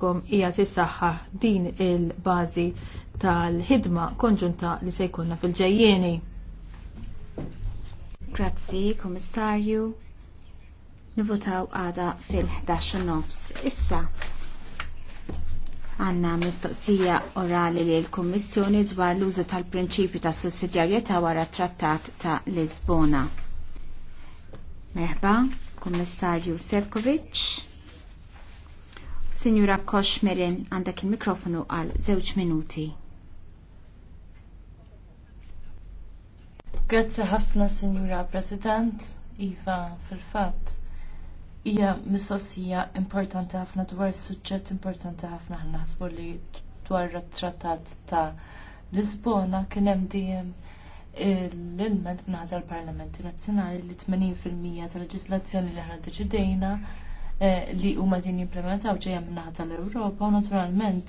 kom hija tissaħħa din il-bażi tal-ħidma konġunta li se jkunna fil-ġejjieni. Grazzi, Komissarju. Nivotaw għada fil-11 nofs. Issa għanna mistoqsija orali li l-Kommissjoni dwar l-użu tal-prinċipju ta' sussidjarjetà wara trattat ta' Lisbona. Merħba, Kommissarju Sefkovic. Signora Koshmerin, għandek il-mikrofonu għal żewġ minuti. Grazzi ħafna, Signora President. Iva, fil-fatt, hija mistoqsija importanti ħafna dwar suġġett importanti ħafna ħna ħasbu li dwar trattat ta' Lisbona kien hemm dejjem l-ilment minn l-Parlamenti Nazzjonali li 80% tal-leġislazzjoni li ħna deċidejna Eh, li huma din jimplementaw ġejja minna tal-Ewropa u naturalment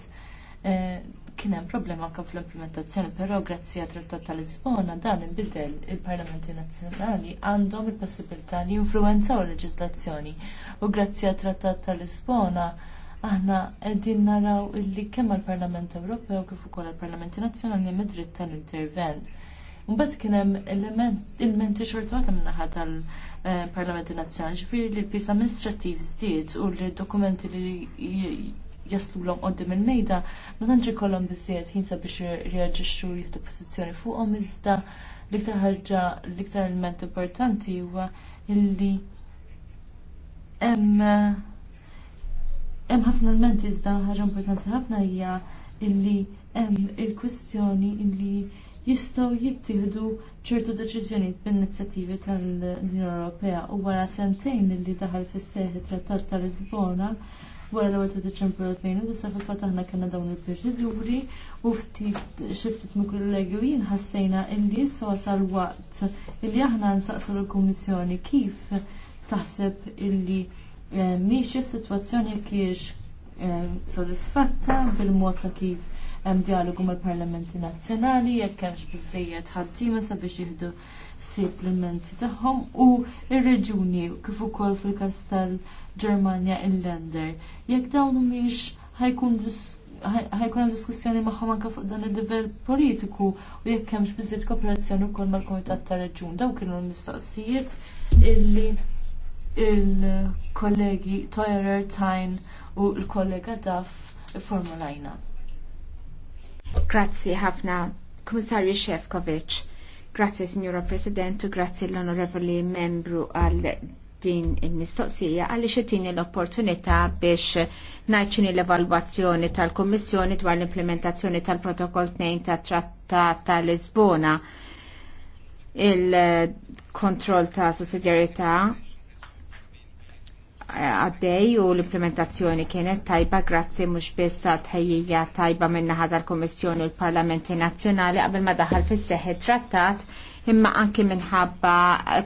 eh, kien hemm problema kif l implementazzjoni però grazzi għat trattat tal-Lisbona dan il-bidel il-Parlamenti Nazzjonali għandhom il-possibilità li influenzaw il leġislazzjoni u grazzi għat trattat tal-Lisbona aħna qegħdin naraw illi kemm għall-Parlament Ewropew kif ukoll għall-Parlamenti Nazzjonali hemm id-dritt tal-intervent. Mbagħad kien hemm ilmenti xorta waħda min-naħa tal-Parlamenti Nazzjonali ġifieri li l-piż amministrattiv żdied u li dokumenti li jaslulhom qoddim il-mejda ma tantx ikollhom biżjed ħin sabiex jirreġixxu jieħdu pożizzjoni fuqhom iżda l-iktar ħaġa l-iktar element importanti huwa illi hemm hemm ħafna elementi iżda ħaġa importanti ħafna hija illi hemm il-kwistjoni illi jistgħu jittieħdu ċertu deċiżjonijiet b'inizjattivi tal-Unjoni Ewropea u wara sentejn li daħal fis-seħi Trattat tal-Lisbona wara l 1 Diċembru 2009 fil-fatt aħna kellna dawn il-proċeduri u ftit xi ftit mill legwin jien ħassejna illi issa wasal waqt illi aħna nsaqsu l-Kummissjoni kif taħseb illi eh, miexi is-sitwazzjoni kiex eh, sodisfatta bil-mod ta' kif hemm dialogu mal-Parlamenti Nazzjonali, jekk hemmx biżejjed ħaddiema sabiex jieħdu supplementi tagħhom u ir-reġuni kif ukoll fil-każ ġermanja il-Lender. Jekk dawn mhix ħajkun ħajkun hemm diskussjoni magħhom anke fuq dan il-livell politiku u jekk hemmx biżejjed kooperazzjoni wkoll mal-Kumitat tar-Reġun. Dawn kienu l-mistoqsijiet illi il-kollegi Toyer Tajn u l-kollega Daf formulajna. Grazzi ħafna, Kummissarju Shevkovic. Grazzi, Signora President, u grazzi l-Onorevoli Membru għal din il-mistoqsija għalli xitini l-opportunità biex najċini l-evalwazzjoni tal-Kommissjoni dwar l-implementazzjoni tal-Protokoll 2 ta' Trattat ta' Lisbona il-kontroll ta' sussidjarità għaddej u l-implementazzjoni kienet tajba grazzi mhux biss tħejjija tajba min-naħa tal-Kummissjoni u l-Parlamenti Nazzjonali qabel ma daħal fis seħħ trattat imma anki minħabba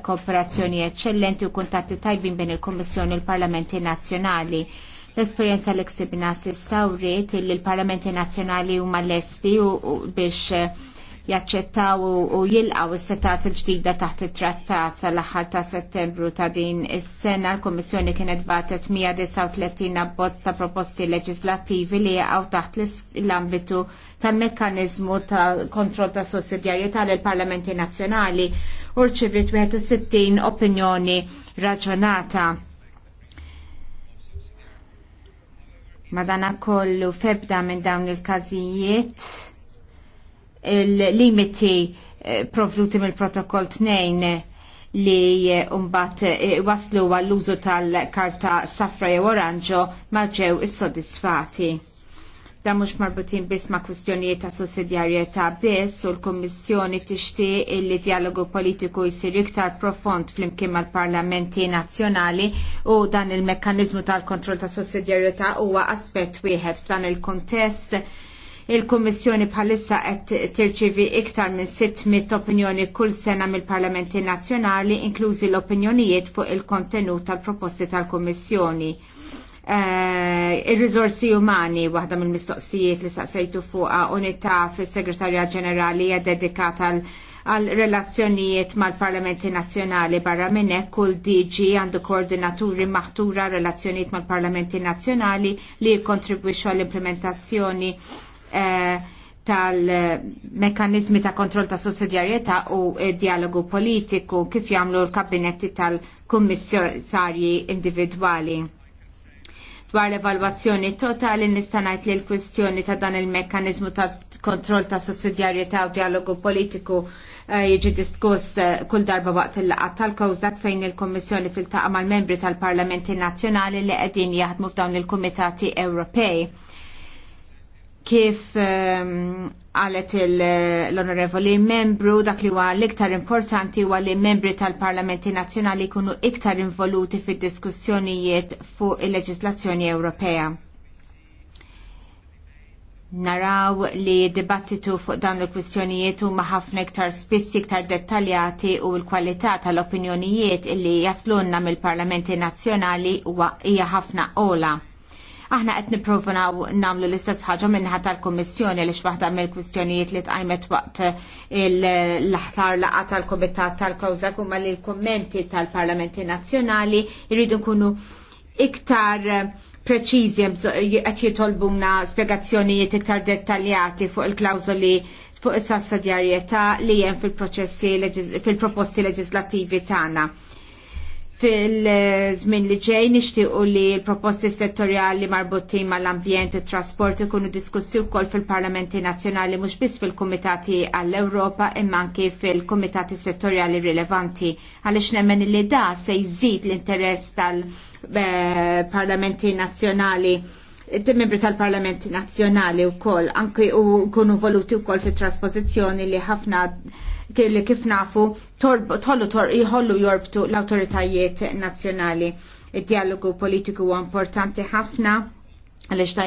kooperazzjoni eccellenti u kuntatti tajbin bejn il-Kummissjoni u l-Parlamenti Nazzjonali. L-esperjenza li ksibna sissa u li l-Parlamenti Nazzjonali huma lesti biex jaċċettaw u jilqaw is-setat il-ġdida taħt it-trattat sal-aħħar ta' settembru ta' din is-sena l-Kummissjoni kienet batet 139 abbozz ta' proposti leġislattivi li jaqgħu taħt l-ambitu tal mekkaniżmu ta' kontroll ta' sussidjarjetà l parlamenti nazzjonali u rċivit 61 opinjoni raġunata. Madana kollu febda minn dawn il-każijiet il-limiti eh, provduti mill-protokoll 2 li eh, umbat eh, waslu għall-użu tal-karta safra jew oranġo maġġew is-sodisfati. Da mhux marbutin biss ma' kwistjonijiet ta' sussidjarjetà biss u l-Kummissjoni tixtieq li dialogu politiku jisir iktar profond flimkien mal-parlamenti nazzjonali u dan il-mekkaniżmu tal-kontroll ta' sussidjarjetà huwa aspett wieħed f'dan il-kontest Il-Kummissjoni bħalissa qed tirċivi iktar minn 600 opinjoni kull sena mill-Parlamenti Nazzjonali, inklużi l-opinjonijiet fuq il-kontenut tal-proposti tal-Kummissjoni. Uh, il-rizorsi umani waħda mill-mistoqsijiet li saqsejtu fuqa unità fis-Segretarja Ġenerali hija dedikata għal relazzjonijiet mal-Parlamenti Nazzjonali barra minn hekk kull DG għandu koordinaturi maħtura relazzjonijiet mal-Parlamenti Nazzjonali li jikkontribwixxu għall-implementazzjoni Eh, tal-mekanizmi ta' kontroll ta' sussidjarjetà u eh, dialogu politiku kif jagħmlu l-kabinetti tal-kummissarji individwali. Dwar l-evalwazzjoni totali nista' ngħid li l-kwistjoni ta' dan il-mekkaniżmu ta' kontroll ta' sussidjarjetà u dialogu politiku eh, jiġi diskuss kull darba waqt il-laqgħa tal-kawżak fejn il-Kommissjoni tiltaqa' mal-membri tal-Parlamenti Nazzjonali li qegħdin jaħdmu f'dawn il-Kumitati Ewropej kif ehm, għalet l-onorevoli membru dak li huwa l-iktar importanti huwa li membri tal-Parlamenti Nazzjonali jkunu iktar involuti fid-diskussjonijiet fuq il-leġislazzjoni Ewropea. Naraw li dibattitu fuq dan il-kwistjonijiet huma ħafna iktar spiss iktar dettaljati u l-kwalità tal-opinjonijiet illi jaslunna mill-Parlamenti Nazzjonali huwa hija ħafna ola. Aħna qed naw nagħmlu l-istess ħaġa minnaħa tal-Kummissjoni li x'waħda mill-kwistjonijiet li tqajmet waqt l-aħtar laqgħa tal-Kumitat tal-Kawża huma li l-kummenti tal-Parlamenti Nazzjonali jridu nkunu iktar preċiżi qed jitolbuna spjegazzjonijiet iktar dettaljati fuq il-klawżoli fuq is-sussidjarjetà li hemm fil-proposti leġislattivi tagħna fil-żmien li ġej nixtiequ li l-proposti settorjali marbutin mal-ambjent u trasport ikunu diskussi wkoll fil-Parlamenti Nazzjonali mhux biss fil-Kumitati għall-Ewropa imma anke fil-Kumitati Settorjali rilevanti għaliex nemmen li da se jżid l-interess tal-Parlamenti Nazzjonali membri tal-Parlamenti Nazzjonali wkoll anke u kunu voluti wkoll fit-trasposizzjoni li ħafna kelli kif nafu tollu tor iħollu jorbtu l-autoritajiet nazjonali. Id-dialogu politiku huwa importanti ħafna għalix ta'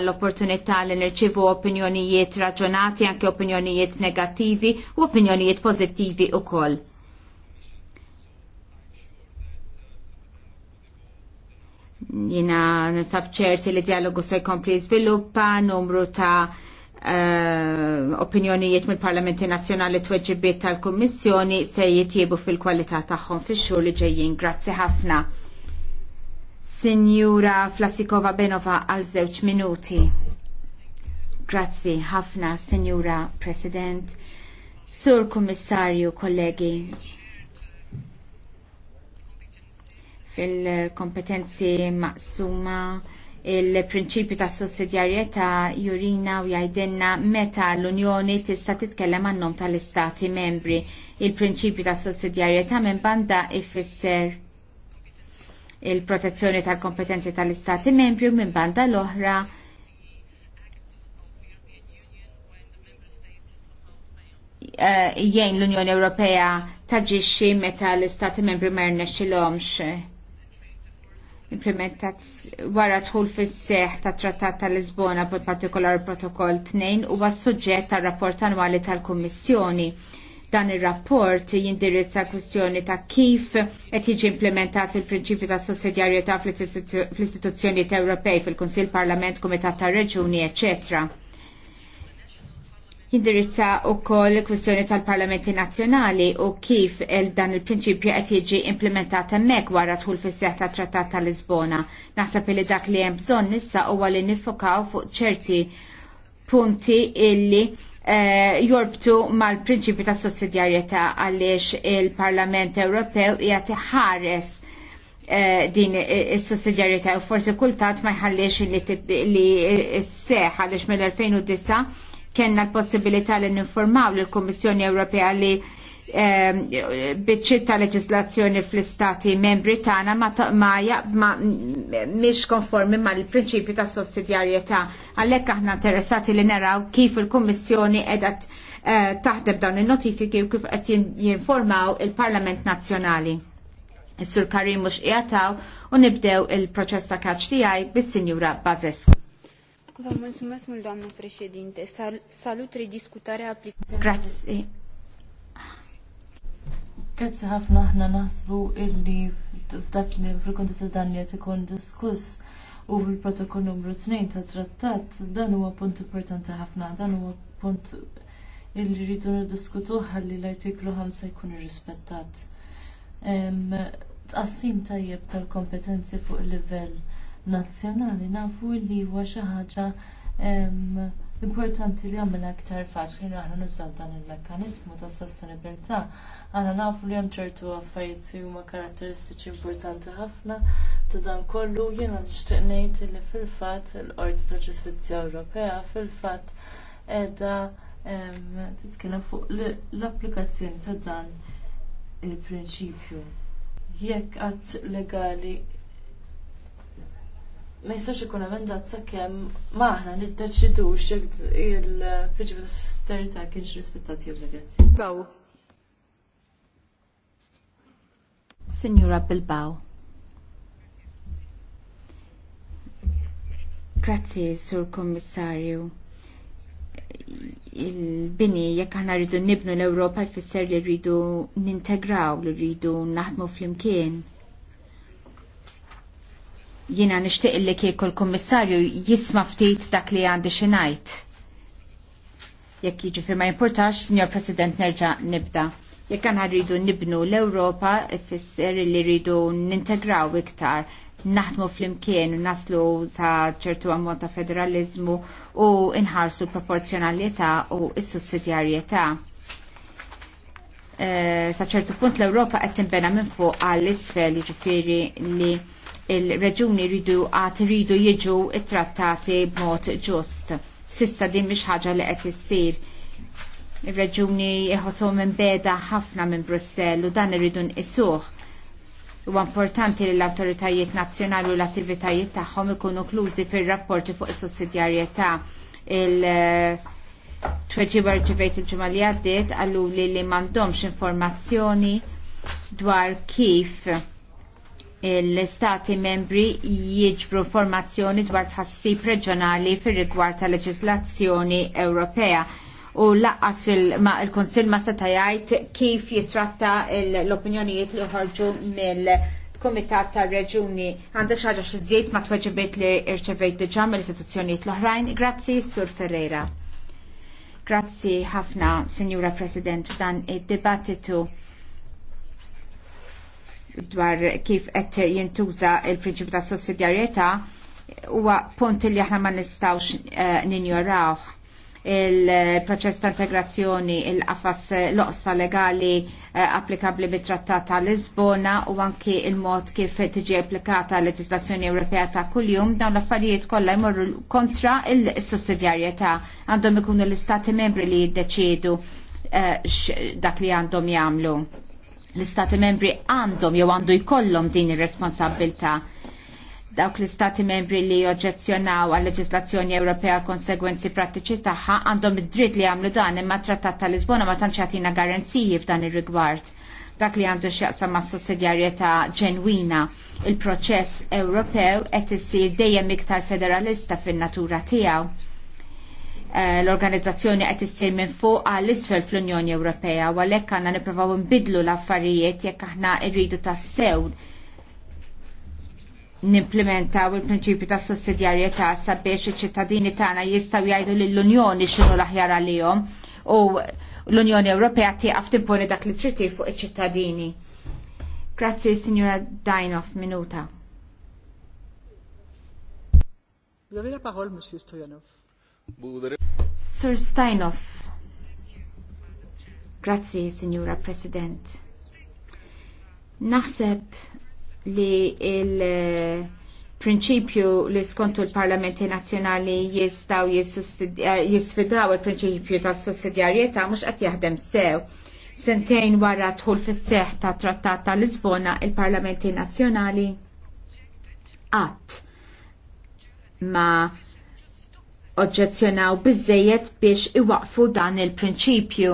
l-opportunità li nirċivu opinjonijiet raġonati, anke opinjonijiet negativi u opinjonijiet pozittivi u koll. Jina nisab ċerti li dialogu se jkompli sviluppa numru ta' Eh, opinjonijiet mill-Parlamenti Nazzjonali tweġibiet tal-Kummissjoni se jitjiebu fil-kwalità tagħhom fix-xhur li ġejjin. Grazzi ħafna. Sinjura Flasikova Benova għal żewġ minuti. Grazzi ħafna, Sinjura President, Sur Kummissarju, kollegi. Fil-kompetenzi maqsuma il-prinċipi ta' sussidjarjetà jurina u jgħidilna meta l-Unjoni tista' titkellem għannom tal-Istati membri. Il-prinċipi ta' sussidjarjetà minn banda ifisser il-protezzjoni tal-kompetenzi tal-Istati membri u minn banda l-oħra eh, jgħin l-Unjoni Ewropea taġixxi meta l-Istati membri ma jrnexxilhomx wara dħul fis seħħ tat Trattat ta' Lisbona bil partikolar protokoll 2 huwa suġġett ta' rapport annwali tal-Kummissjoni dan ir-rapport jindirizza kwistjoni ta' kif qed jiġi implementat il-prinċipju ta' sussidjarjetà fl-istituzzjonijiet Ewropej fil-Kunsill Parlament, Kumitat tar Reġuni, eċċetera jindirizza wkoll il-kwistjoni tal-Parlamenti Nazzjonali u kif il dan il-prinċipju qed jiġi implementat hemmhekk wara tħul fis-seħħ tat-Trattat ta' Lisbona. Naħseb li dak li hemm bżonn issa huwa li nifokaw fuq ċerti punti illi uh, jorbtu mal-prinċipju ta' sussidjarjetà għaliex il-Parlament Ewropew jagħti ħares eh, din is-sussidjarjetà u forsi kultant ma jħallix li seħ għaliex mill-2009 Kenna l-possibilità li ninformaw l-Kommissjoni Ewropea li ehm, biċċitta leġislazzjoni fl-istati membri tagħna ma mhix konformi mal-prinċipju ta' sussidjarjetà. Għalhekk aħna interessati li naraw kif il-Kummissjoni qiegħda eh, taħdem dawn in-notifiki u kif qed jinformaw il-Parlament Nazzjonali. Is-Sur Karim mhux qiegħed u nibdew il-proċess ta' kaċ tiegħi bis-Sinjura Bażescu. Vă mulțumesc mult, doamnă președinte. Sal salut rediscutarea aplicării. Grazie. Grazie ħafna aħna naħsbu illi f'dak li fil-kontest dan li qed ikun diskuss u fil-protokoll numru 2 ta' trattat dan huwa punt importanti ħafna, dan huwa punt illi rridu niddiskutu ħalli l-artiklu 5 jkun irrispettat. Tqassim tajjeb tal-kompetenzi fuq il-livell nazzjonali nafu li huwa xi ħaġa importanti li għamilna aktar faċli li aħna nużaw dan il-mekkaniżmu ta' sostenibilità. Aħna nafu li hemm ċertu affarijiet li huma karatteristiċi importanti ħafna ta' dan kollu jiena nixtieq ngħid li fil-fatt il-Qorti ta' Ġustizzja Ewropea fil-fatt qiegħda titkellem fuq l-applikazzjoni ta' dan il-prinċipju. Jekk għat legali ma jistax ikun emendat sakemm maħna niddeċidux jekk il-prinċipju ta' sussidjarjetà kienx rispettat jew grazzi. Baw. Signora Bilbao. Grazzi, Sur Kommissarju. Il-bini, jekk aħna rridu nibnu l-Ewropa jfisser li rridu nintegraw, li rridu naħdmu flimkien. Jina nishtiq li kieku l-Kommissarju jisma ftit dak li għandi xinajt. Jekk jiġifier ma jimpurtax, Signor President, nerġa' nibda. Jekk għanna rridu nibnu l-Ewropa, fisser li rridu nintegraw iktar naħdmu fl-imkien, naslu sa ċertu ammont ta' federalizmu u inħarsu l-proporzjonalità u s-sussidjarjetà. Eh, sa ċertu punt l europa qed tinbena minn fuq għall isfel jiġifieri li il-reġuni rridu għat rridu jiġu trattati b'mod ġust. Sissa din mish ħaġa li qed issir. Ir-reġuni jħossom minn beda ħafna minn Brussell u dan irridu nqisuh. Huwa importanti li l-awtoritajiet nazzjonali u l-attivitajiet tagħhom ikunu klużi fir-rapporti fuq is-sussidjarjetà il- tweġiba rċivejt il-ġimgħa li għaddiet għallu li li m'għandhomx informazzjoni dwar kif l-istati membri jiġbru formazzjoni dwar tħassib reġjonali fir rigward tal leġislazzjoni Ewropea u lanqas il-Konsil ma seta jgħid kif jitratta l-opinjonijiet li ħarġu mill kumitat tar reġuni għandek xaġa xizziet ma tweġibiet li irċevejt diġà mill-istituzzjonijiet l-oħrajn. Grazzi, Sur Ferreira. Grazzi ħafna, Sinjura President, f'dan id-dibattitu dwar kif qed jintuża il-prinċipju ta' sussidjarjetà huwa punt li aħna ma nistgħux eh, ninjorawh il-proċess ta' integrazzjoni, il-qafas l-oqsfa legali eh, applikabli bit-trattat ta' Lisbona u anki il-mod kif tiġi applikata l-leġislazzjoni Ewropea ta' kuljum dawn l-affarijiet kollha jmorru kontra il-sussidjarjetà għandhom ikunu l-istati membri li jiddeċiedu eh, dak li għandhom jagħmlu l-istati membri għandhom jew għandu jkollhom din ir-responsabilità dawk l-istati membri li oġezzjonaw għal leġislazzjoni Ewropea konsegwenzi prattiċi tagħha għandhom id-dritt li jagħmlu dan imma trattat ta' Lisbona ma tantx jagħtina garanziji f'dan ir-rigward. Dak li għandu x'jaqsam ma' sussidjarjetà ġenwina il-proċess Ewropew qed isir dejjem iktar federalista fin-natura tiegħu Eh, l-organizzazzjoni qed issir minn fuq għall isfel fl-Unjoni Ewropea u għalhekk għandna nippruvaw nbidlu l-affarijiet jekk aħna rridu tassew nimplementaw il-prinċipju ta' sussidjarjetà sabiex iċ-ċittadini tagħna jistgħu jgħidu lill-Unjoni x'inhu l-aħjar għalihom u l-Unjoni Ewropea tieqaf timponi dak li triti fuq iċ-ċittadini. Grazzi, Signora Dainoff minuta. Vous avez la parole, Monsieur Stoyanov. Sur Steinhoff. Grazzi, Signora President. Naħseb li il- prinċipju li skontu l-parlamenti nazjonali jistaw eh, jisfidaw il-prinċipju ta' sussidjarjetà mhux qed jaħdem sew. Sentejn wara tħul fis seħħ ta' trattat ta' Lisbona il-parlamenti Nazzjonali qatt ma' oġġezzjonaw biżejjed biex iwaqfu dan il-prinċipju.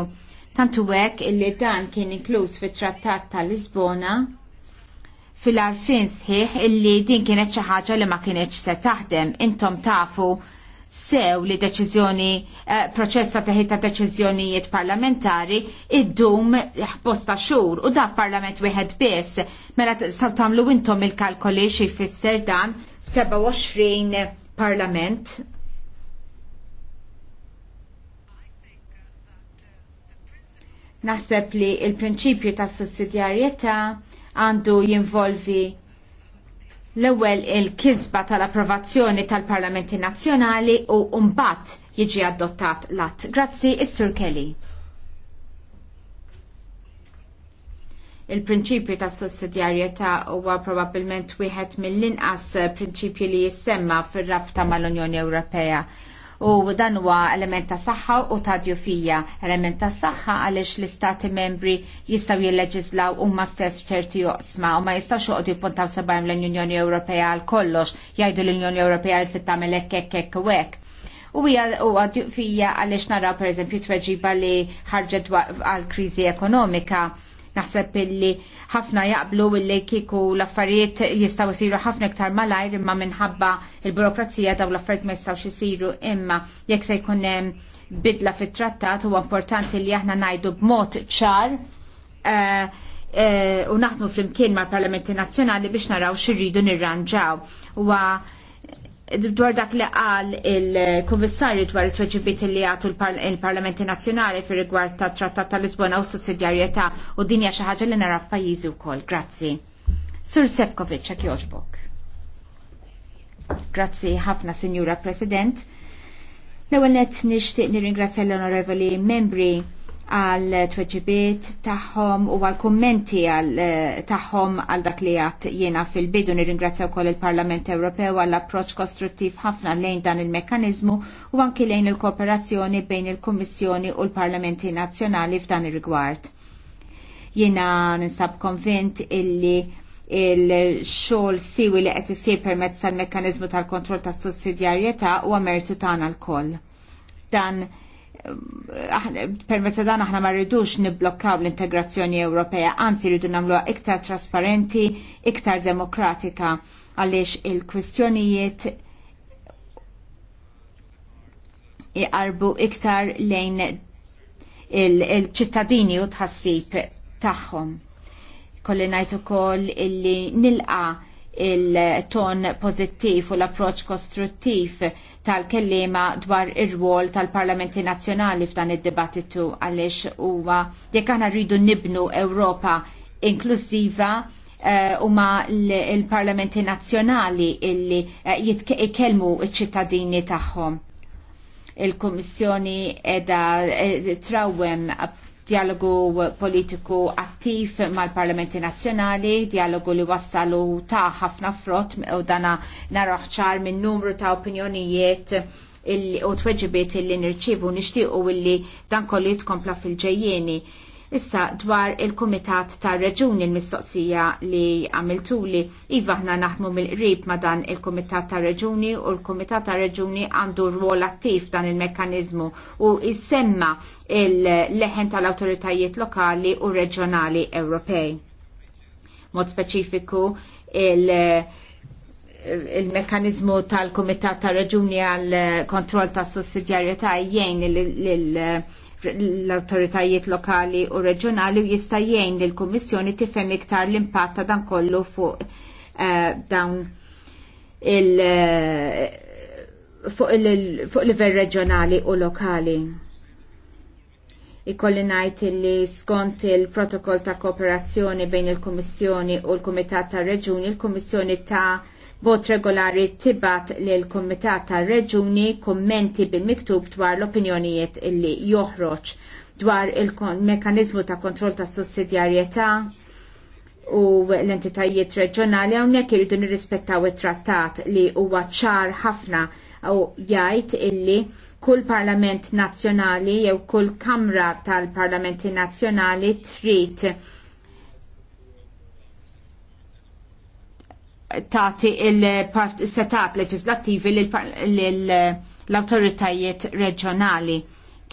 Tantu hekk illi dan kien inkluż fit-Trattat ta' Lisbona fil-arfin sħiħ illi din kienet xi ħaġa li ma kienet se taħdem. Intom tafu sew li deċiżjoni eh, proċessa teħid ta' deċiżjonijiet parlamentari id-dum bosta xhur u daf parlament wieħed biss mela saw tagħmlu intom il-kalkoli xi jfisser dan 27 parlament Naħseb li il-prinċipju ta' sussidjarjetà għandu jinvolvi l-ewwel il-kisba tal-approvazzjoni tal-Parlamenti Nazzjonali u mbagħad jiġi adottat l-att. Grazzi, is-Sur Kelly. il-prinċipju ta' sussidjarjetà huwa probabbilment wieħed mill-inqas prinċipju li jissemma fir-rabta mal-Unjoni Ewropea u dan huwa element ta' saħħa u ta' djufija. Element ta' saħħa għaliex l-istati membri jistgħu u huma stess ċerti joqsma u ma jistgħux joqgħdu jippuntaw sabajm l-Unjoni Ewropea għal kollox, jgħidu l-Unjoni Ewropea li tagħmel hekk hekk u hekk. U huwa djufija għaliex naraw pereżempju tweġiba li ħarġet għal kriżi ekonomika naħseb illi ħafna jaqblu illi kiku l-affarijiet jistaw isiru ħafna iktar malajr imma minħabba il-burokrazija daw l-affarijiet ma jistaw x'isiru imma jekk se jkun bidla fit-trattat huwa importanti li aħna ngħidu b'mod ċar eh, eh, u naħdmu fl-imkien mal parlamenti nazzjonali biex naraw xirridu nirranġaw dwar dak li qal il-Kummissarju dwar it-tweġibiet li għatu l-Parlamenti Nazzjonali fir rigward ta' Trattat ta' Lisbona u sussidjarjetà u dinja xi ħaġa li nara f'pajjiżi wkoll. Grazzi. Sur Sefkovic, hekk joġbok. Grazzi ħafna, Sinjura President. L-ewwel nett nixtieq nirringrazzja l-onorevoli membri għal tweġibiet tagħhom u għal kummenti eh, tagħhom għal dak li għat jiena fil-bidu nirringrazzja wkoll il-Parlament Ewropew għall approċċ kostruttiv ħafna lejn dan il-mekkaniżmu u anki lejn il-kooperazzjoni bejn il-Kummissjoni u l-Parlamenti Nazzjonali f'dan ir-rigward. Jiena ninsab konvint illi il-xogħol siwi li qed isir permezz tal-mekkaniżmu tal-kontroll tas-sussidjarjetà huwa mertu tagħna l-koll. Dan permezz dan aħna ma rridux nibblokkaw l-integrazzjoni Ewropea, anzi rridu nagħmluha iktar trasparenti, iktar demokratika għaliex il-kwistjonijiet iqarbu iktar lejn il-ċittadini u tħassib tagħhom. Kolli ngħid ukoll illi nilqa' il-ton pozittiv u l-approċ kostruttiv tal-kellima dwar ir-rwol tal-Parlamenti Nazzjonali f'dan id-dibattitu għaliex huwa jekk aħna rridu nibnu Ewropa inklusiva eh, huma ma l-Parlamenti Nazzjonali illi eh, jitkellmu ċ-ċittadini tagħhom il kummissjoni edha eh, trawem dialogu politiku attiv mal-parlamenti nazzjonali, dialogu li wassalu ta' ħafna frott u dana narraħċar minn numru ta' opinjonijiet u t-weġibiet li nirċivu nixtiequ illi dan kollu jitkompla fil-ġejjeni Issa dwar il-Kumitat tar Reġuni l mistoqsija li għamiltuli, iva ħna naħmu mill-qrib ma dan il-Kumitat tar Reġuni u l-Kumitat tar Reġuni għandu rwol attiv dan il mekanizmu u jissemma il-leħen tal-autoritajiet lokali u reġjonali Ewropej. Mod speċifiku il- il-mekanizmu tal-Komitat ta' reġuni għal kontroll tas sussidjarjetà jgħin l-autoritajiet lokali u reġjonali u jista' jgħin lill kummissjoni tifhem iktar l-impatt ta' dan kollu fuq uh, dawn eh, il- fuq livell reġjonali u lokali. Ikolli ngħid li skont il-protokoll ta' kooperazzjoni bejn il-Kummissjoni u l-Kumitat tar Reġuni, il-Kummissjoni ta' Bot regolari tibat li l-Komitat tal-Reġuni kommenti bil-miktub dwar l-opinjonijiet illi joħroġ dwar il-mekanizmu ta' kontroll ta' sussidjarjetà u l-entitajiet reġjonali hawnhekk iridu nirrispettaw it-trattat li huwa ċar ħafna u jgħid illi kull parlament nazzjonali jew kull kamra tal-parlamenti nazzjonali trid tati il-setup leġislattivi eh, l-autoritajiet reġjonali.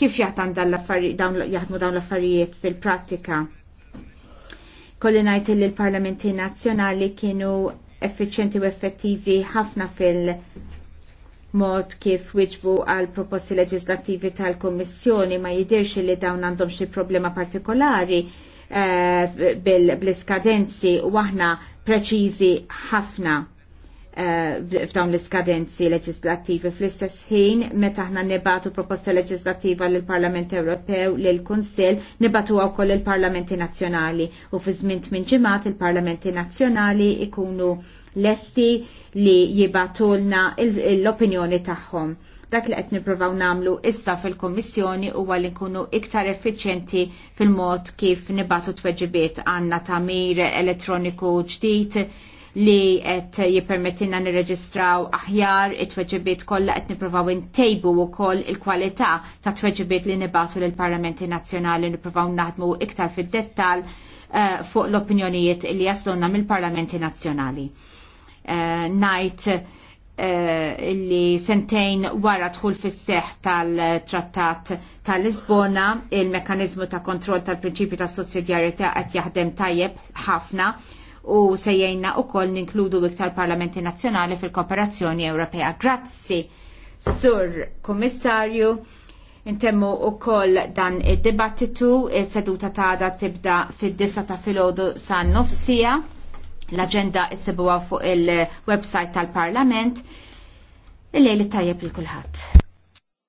Kif jaħdmu dawn l-affarijiet fil-prattika? Kollinajt il li l-parlamenti nazzjonali kienu effiċjenti u effettivi ħafna fil- mod kif wiġbu għal proposti leġislattivi tal-Kommissjoni ma jidirx li dawn għandhom xi problema partikolari Eh, bil-iskadenzi u aħna preċiżi ħafna eh, f'dawn l-iskadenzi leġislattivi fl-istess ħin meta aħna nibatu proposta leġislattiva lill parlament Ewropew lil kunsill nibatu wkoll il-Parlamenti Nazzjonali u fi żmien minn ġimgħat il-Parlamenti Nazzjonali ikunu lesti li jibatulna l-opinjoni tagħhom. Dak li qed nippruvaw nagħmlu issa fil-Kummissjoni huwa li nkunu iktar effiċjenti fil-mod kif nibatu tweġibiet għandna mir elettroniku ġdid li qed jippermettilna nirreġistraw aħjar it-tweġibiet kollha qed nippruvaw intejbu wkoll il-kwalità ta' tweġibiet li nibatu lill parlamenti nazzjonali nippruvaw naħdmu iktar fid-dettall eh, fuq l-opinjonijiet li jaslunna mill-parlamenti nazzjonali. Uh, uh, Eh, Li sentejn wara dħul fis seħħ tal-trattat tal-Lisbona, il-mekanizmu ta' kontroll tal-prinċipju ta' sussidjarjetà qed jaħdem tajjeb ħafna u sejjejna wkoll koll ninkludu iktar parlamenti nazzjonali fil-kooperazzjoni Ewropea. Grazzi, Sur Kommissarju, intemmu u koll dan id-dibattitu, seduta ta' da tibda fid-disa ta' filgħodu sa' nofsija. L-agenda issibuha fuq il-website tal-Parlament. Il-lejli tajjeb li kulħadd.